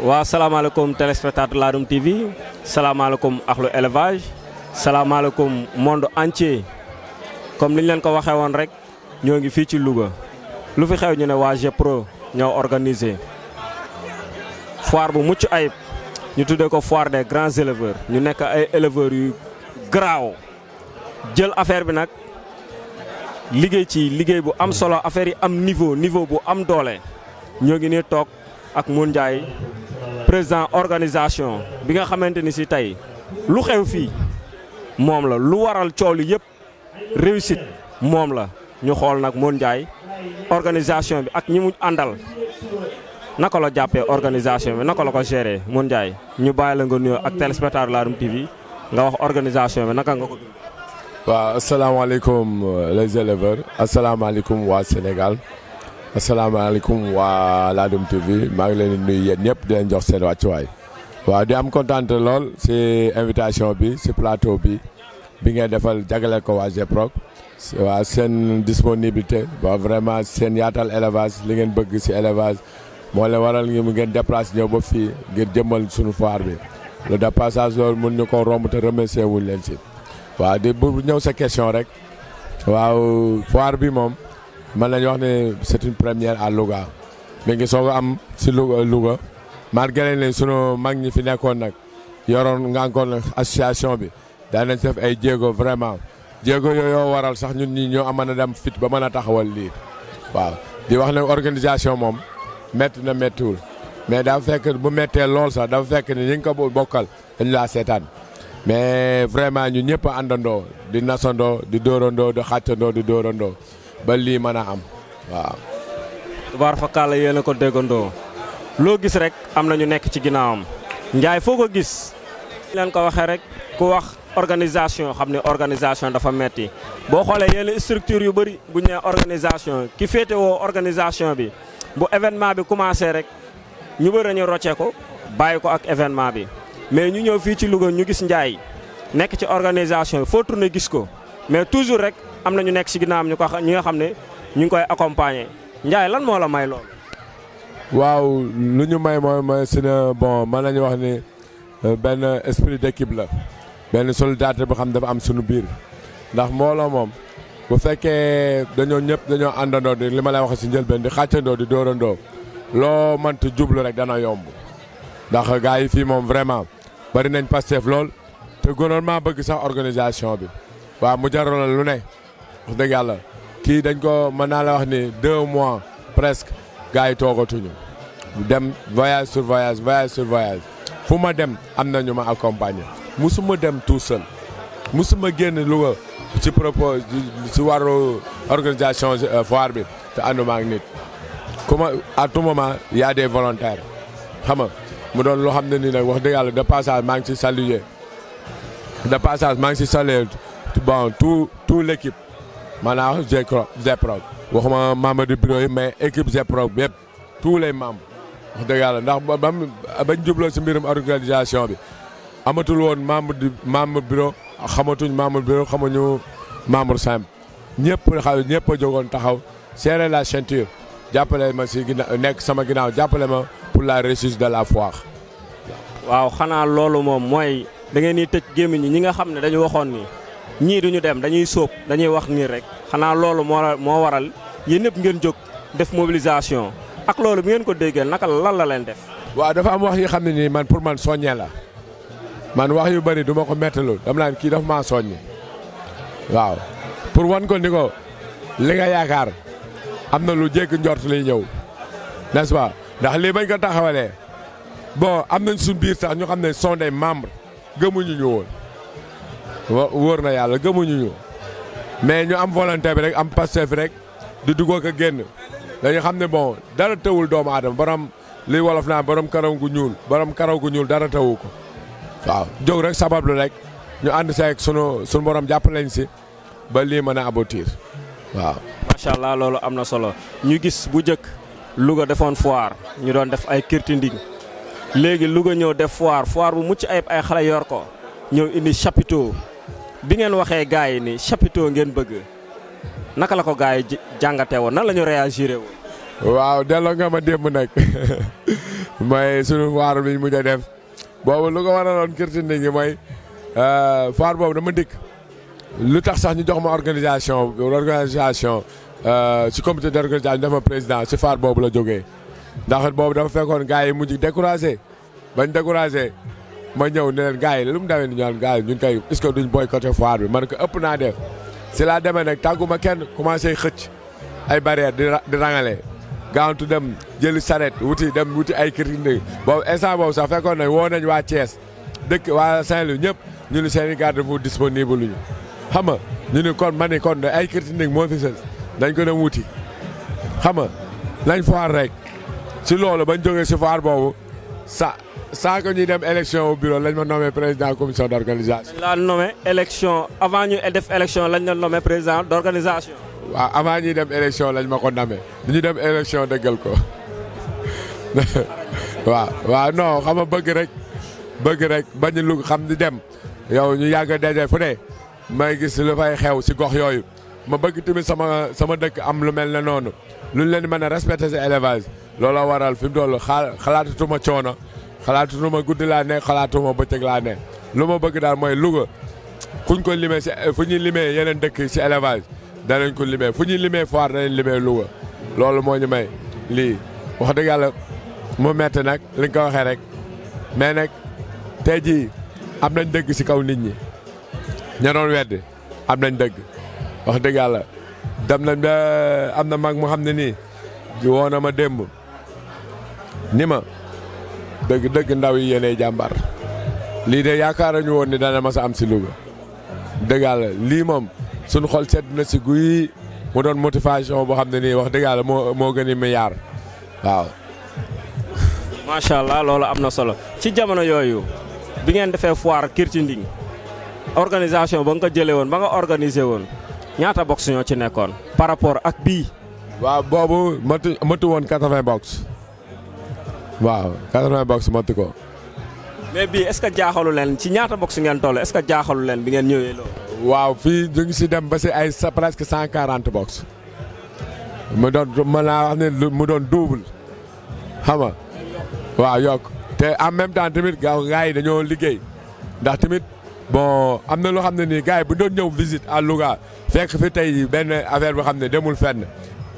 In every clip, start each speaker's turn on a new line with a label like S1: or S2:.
S1: waaw salaamaaleykum téléspectateur Ladoum TV salaamaaleykum axlu élevage salaamaaleykum monde entier comme li ñu leen ko waxee woon rek ñoo ngi fii ci Louga lu fi xew ñu ne waa GPRO ñoo organisé foire bu mucc ayib ñu tuddee ko foire de grands éleveurs ñu nekk ay éleveurs yu garaaw jël affaire bi nag liggéey ci liggéey bu am solo affaire yi am niveau niveau bu am doole ñoo ngi nii toog ak Moune Ndiaye président organisation bi nga xamante ni si tey lu xew fii moom la lu waral coow li yëpp réussite moom la ñu xool nag Moune Ndiaye organisation bi ak ñi mu àndal naka la jàppee organisation bi naka la ko géré Moune Ndiaye ñu bàyyi la nga nuyoo ak téléspectateur Ladoum TV nga wax organisation bi naka nga ko.
S2: waaw asalaamaaleykum euh, les éleveurs asalaamaaleykum waa Sénégal. asalaamaaleykum waa Ladoum TV maa ngi leen di nuyu yéen ñëpp di jox seen waay waaw di am kontaan lool si invitation bi si plateau bi bi ngeen defal jagleel ko waa GEPROC waa seen disponibilité waa vraiment seen yaatal élevage li ngeen bëgg si élevage moo leen waral ngi mu ngeen déplacé ñëw ba fii ngir jëmmal suñu foire bi lu de passage mun ñu ko romb te remercier leen ci waa di bu ñëw sa question rek waaw foire bi moom man la ñu wax ne c'est une première à Louga mi ngi soog am si Louga Louga malgré ne sunu mag ñi fi nekkoon nag yoroon nga encore association bi daan nañ def ay jéego vraiment jéego yooyu waral sax ñun ñi ñoo amoon a dem fit ba mën a taxawal lii waaw di wax ne organisation moom métti na méttiwul mais dafa fekk bu méttee lool sax dafa fekk ni ñi nga ko bokkal dañ laa seetaan mais vraiment ñu ñëpp àndandoo di nasandoo di dóorandoo di xàccandoo di dóorandoo ba lii mën a am
S1: waaw. tubaar fakkaala yéen a ko déggandoo loo gis rek am na ñu nekk ci ginnaawam njaay foo ko gis. leen ko waxee rek ku wax organisation xam ne organisation dafa metti boo xoolee yenn structure yu bëri bu ñu nee organisation ki féetewoo organisation bi bu événement bi commencé rek ñu bëri nañu roccee ko bàyyi ko ak événement bi mais ñu ñëw fii ci Louga ñu gis Ndiaye nekk ci organisation bi foo tourné gis ko mais toujours rek. am na ñu nekk si ginnaawam ñu ko ñi nga xam ne ñu ngi koy accompagner Ndiaye lan moola may loolu.
S2: waaw lu ñu may mooy mooy suñu bon mën nañu wax ni euh, benn esprit d'équipe la benn solidarité boo xam dafa am suñu biir ndax mbooloo moom bu fekkee dañoo ñëpp dañoo àndandoo di li ma lay wax si njëlbeen di xàccandoo di dóorandoo loo mënti jublu rek dana yomb ndax gars yi fii moom vraiment bari nañ Pastef lool te gouvernement bëgg sax organisation bi waaw mu jaralal lu ne. wax dëgg kii dañ ko mën naa la wax ni deux mois presque gars yi toogatuñu dem voyage sur voyage voyage sur voyage fu ma dem am na ñu ma accompagner musuma dem tout seul musuma génn Louga ci propos ci wàllu organisation euh, foire bi te ànduma ak nit kuma à tout moment y a des volontaires xam nga mu doon loo xam ne nii nag wax dëgg yàlla de passage maa ngi ci saluer de passage maa ngi ci saluer bon tout tout l'équipe maanaam Zprog waxuma membre du bureau yi mais équipe Zprog yëpp tous les membres wax dëgg yàlla ndax ba mu bañ jubloo si mbirum organisation bi amatul woon membre du membre biro xamatuñ membre bureau xamuñu membre simple ñëpp xal ñëpp a taxaw serrer la ceinture jàppale ma si ginnaaw nekk sama ginnaaw jàppale ma pour la réussite de la foire.
S1: waaw xanaa loolu moom mooy da ngeen di tëj gémmiñ ñi nga xam ne dañu waxoon ni ñii duñu dem dañuy sóob dañuy wax nii rek xanaa loolu moo moo waral yéen ñëpp ngeen jóg def mobilisation ak loolu bi ngeen ko déggee naka lan la leen def. waa dafa am wax
S2: yi xam ne nii man pour man soññee la man wax yu bëri du ma ko méttalul dama naan kii dafa maa soññi waaw pour wan ko ni ko li nga yaakaar am na lu jékki njort lay ñëw n'est-ce pas ndax lii bañ ko taxawalee bon am nañ suñu biir sax ñu xam ne sont des membres gëmuñu ñu woon. wóor na yàlla gëmuñu ñu mais ñu am volonté bi rek am bi rek di dugg ko génn dañu xam ne bon dara tawul doomu aadama borom li wolof naa borom karaw gu ñuul borom karaw gu ñuul dara tawu ko waaw jóg rek sabablu rek ñu ànd seeg sunu
S1: sunu borom jàpp lañ si ba lii mën a aboutir waaw. macha allah loolu am na solo ñu gis bu njëkk Louga defoon foire ñu doon def ay kirtinding léegi Louga ñëw def foire foire bu mucc ayib ay xale yor ko ñëw indi chapiteau. bi ngeen waxee gars yi ni chapiteau ngeen bëgg naka la ko gars yi jàngatee woon nan la ñu réagiré woon. waaw delloo nga ma démb nag mooy sunu waar
S2: bi ñu a def boobu lu ko waraloon kirtine gi mooy euh, faar boobu dama dikk lu tax sax ñu jox ma organisation organisation si euh, comité d' organisation dafa président si faar boobu la jógee ndax boobu dafa fekkoon gars yi mujj bañ découragé. ma ñëw ne leen gars yi lu mu demee ni ñaan gars yi ñun kay est-ce que duñ boycotté bi man ko ëpp naa def si laa demee nag ma kenn commencé xëcc ay barrière di di rangale gaawantu dem jëli saret wuti dem wuti ay critique boobu instant boobu sax fekkoon nañ woo nañ waa Thiès dëkk waa saint ñëpp ñu ni seen i garde-fou disponible lu ñu xam nga ñu ni kon ma ni kon ay critique moo fi sës dañ ko dem wuti xam nga nañ foire rek si ba bañ jógee si foire boobu sa sans que ñuy dem élection au bureau lañ ma nommé président commission d' organisation.
S1: la nommé élection avant ñu def élection lañ la nommé président d' organisation. waaw avant ñuy dem élection lañ ma ko
S2: nommé bi ñu dem élection dëggal ko waaw waaw non xam nga bëgg rek bëgg rek bañ lu xam di dem yow ñu yàgg a daje fu ne may gis lu fay xew si gox yooyu ma bëgg tamit sama sama dëkk am lu mel ne noonu lu luñ leen mën a respecté si élevage looloo waral fi mu toll xalaatutuma coono. xalaatuma ma guddi laa ne xalaatuma bëccëg laa ne lu ma bëgg daal mooy Louga fuñ ko limee si fu ñuy limee yeneen ndëkk si élevage danañ ko limee fu ñu limee foire danañ limee Louga loolu moo ñu may lii wax dëgg yàlla mu metti nag li nga ko waxee rek mais nag tey jii am nañ dëgg si kaw nit ñi ña doon weddi am nañ dëgg wax dëgg yàlla dem nañ ba am na mag mu xam ne nii woo na ma démb ni ma dëgg dëgg ndaw yi yéenay jàmbaar lii de yaakaaruñu woon ni dana mas a am si Louga dëgg lii moom sunu xol sedd na si guy mu doon motivation boo xam ne nii wax dëgg
S1: yàlla moo moo gën a milliard waaw. macha loolu am na solo ci jamono yooyu bi ngeen defee foire Kirti Nding organisation ba nga ko jëlee woon ba nga organiser woon ñaata box ñoo ci nekkoon par rapport ak bii. waaw
S2: boobu matu matu woon 80 box. waaw quatre-vingts box matti ko.
S1: mais bii est-ce que jaaxalu leen ci ñaata box ngeen toll est-ce que jaaxalu leen bi ngeen ñëwee loolu.
S2: waaw fii ñu si dem ba si ay sa presque cent quarante box mu doon mën naa wax ne mu doon double xam nga waaw yokk te en même temps tamit gars yi dañoo liggéey ndax tamit bon am na loo xam ne nii gars yi bu doon ñëw visite à Louga fekk fi tey benn affaire boo xam ne demul fenn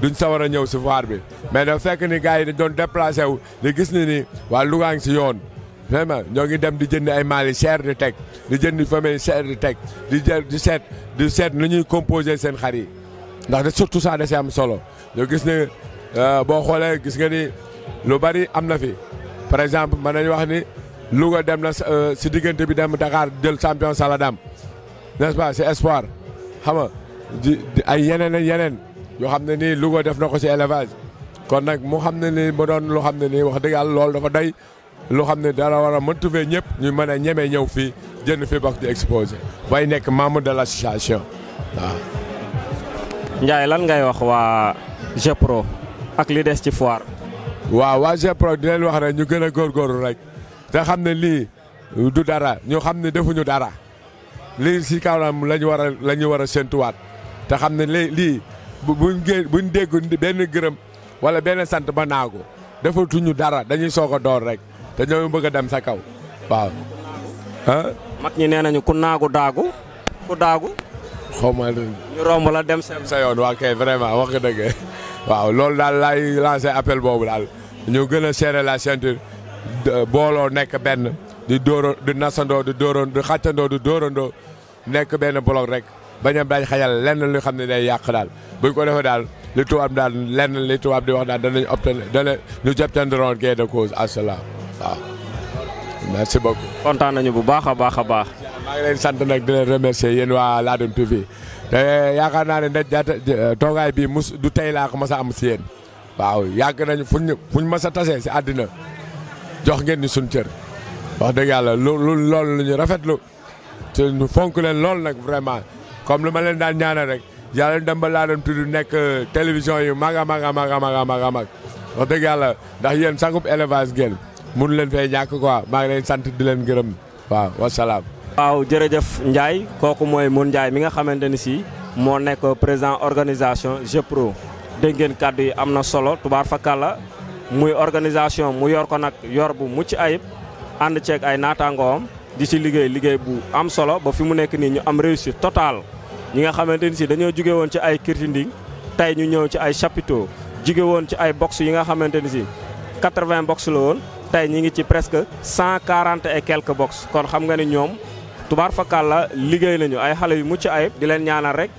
S2: duñ sawar a ñëw si foire bi mais dafa fekk ni gars yi dañ doon déplacé wu di gis ni ni waa Louga ngi si yoon vraiment ñoo ngi dem di jënd ay maali cher di teg di jënd famille cher di teg di di seet di seet nu ñuy composé seen xar yi ndax de surtout ça da si am solo ñoo gis ne euh, boo xoolee gis nga ni lu bari am na fi par exemple mën nañu wax ni Louga dem na euh, si diggante bi dem Dakar jël champion Saladam n'est-ce pas espoir xam nga di ay yeneen ak yeneen ñoo xam ne nii lu Louga def na ko ci élevage kon nag mu xam ne nii ba doon loo xam ne nii wax dëgg yàlla loolu dafa doy loo xam ne dara war a mën tuve ñëpp ñu mën a ñemee ñëw fii jënd fi bokk di exposé bay nekk membre de l'association waaw. Ndiaye lan ngay wax waa GEPRO ak li des ci foire. waaw waa GEPRO di leen wax rek ñu gën a góorgóorlu rek te xam ne lii du dara ñu xam ne defuñu dara lii ci kaw lañu war a la ñu war a séntuwaat te xam ne lii. buñ gé buñ dégg benn gërëm wala benn sant ba naagu defatuñu dara dañuy soog a door rek te ñoo bëgg
S1: a dem sa kaw waaw. ah. mag ñi nee nañu ku naagu daagu ku daagu. xaw ma ñu
S2: romb la dem sa yoon waa kay vraiment wax nga dëgg waaw loolu daal lay lancé appel boobu daal ñu gën a serrer la ceinture booloo nekk benn di dóoro di nasandoo di dóorandoo di xàccandoo di dóorandoo nekk benn bloc rek. bañ a bañ xajal lenn lu xam ne day yàq daal buñ ko defee daal li tubaab daal lenn li tubaab di wax daal danañ obtenir dana ñu obtiendrons gain de cause à cela waaw. merci beaucoup. kontaan nañu bu baax a baax a baax. maa ngi leen sant nag di leen remercier yéen waa Ladoum TV te yaakaar naa ne ndaj jaata toogaay bii mus du tey laa ko mas a am si yéen waaw yàgg nañu fu fuñ mas a tasee si àddina jox ngeen ni suñ cër wax dëgg yàlla lu lool lu ñu rafetlu te ñu fonk leen lool nag vraiment. comme lu ma leen daan ñaanal rek yàlla dem ba laa nekk télévision yi mag a mag a mag a mag a mag wax dëgg yàlla ndax yéen sangub élevage ngeen mun leen fay ñàkk
S1: quoi maa ngi sant di leen gërëm waaw wasalaam. aw jërëjëf Ndiaye kooku mooy Mour Ndiaye mi nga xamante ni si moo nekk président organisation GEPRO dégg ngeen kàddu yi am na solo tubaar fakàlla muy organisation mu yor ko nag yor bu mucc ayib ànd ceeg ay naataangoom di si liggéey liggéey bu am solo ba fi mu nekk nii ñu am réussite totale. ñi nga xamante ni si dañoo jóge woon ci ay kirtinding tey ñu ñëw ci ay chapiteaux jóge woon ci ay box yi nga xamante ni si 80 box la woon tey ñi ngi ci presque 140 et quelques box kon xam nga ni ñoom tubaar fakal la liggéey nañu ay xale yu mucc ayib di leen ñaanal rek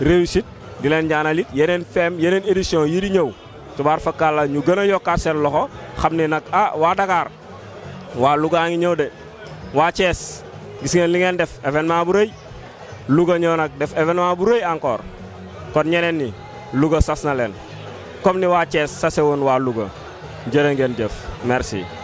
S1: réussite di leen ñaanal yeneen feem yeneen édition yi di ñëw tubaar fakal la ñu gën a yokkaat seen loxo xam ne nag ah waa Dakar waa Louga ngi ñëw de waa Thiès gis ngeen li ngeen def événement bu rëy Louga ñëw nag def événement bu rëy encore kon ñeneen ñi Louga sas na leen comme ni waa Thiès sase woon waa Louga jërë ngeen jëf merci.